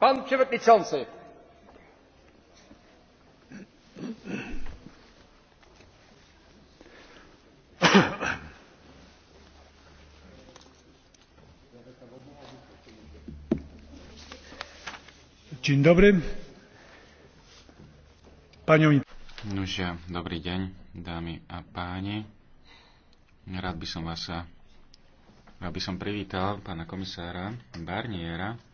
Pan przewodniczący. Dzień dobry. Panią... Nože, dobrý deň, dámy a páni. Rád by som vás rád by som privítal pána komisára Barniera,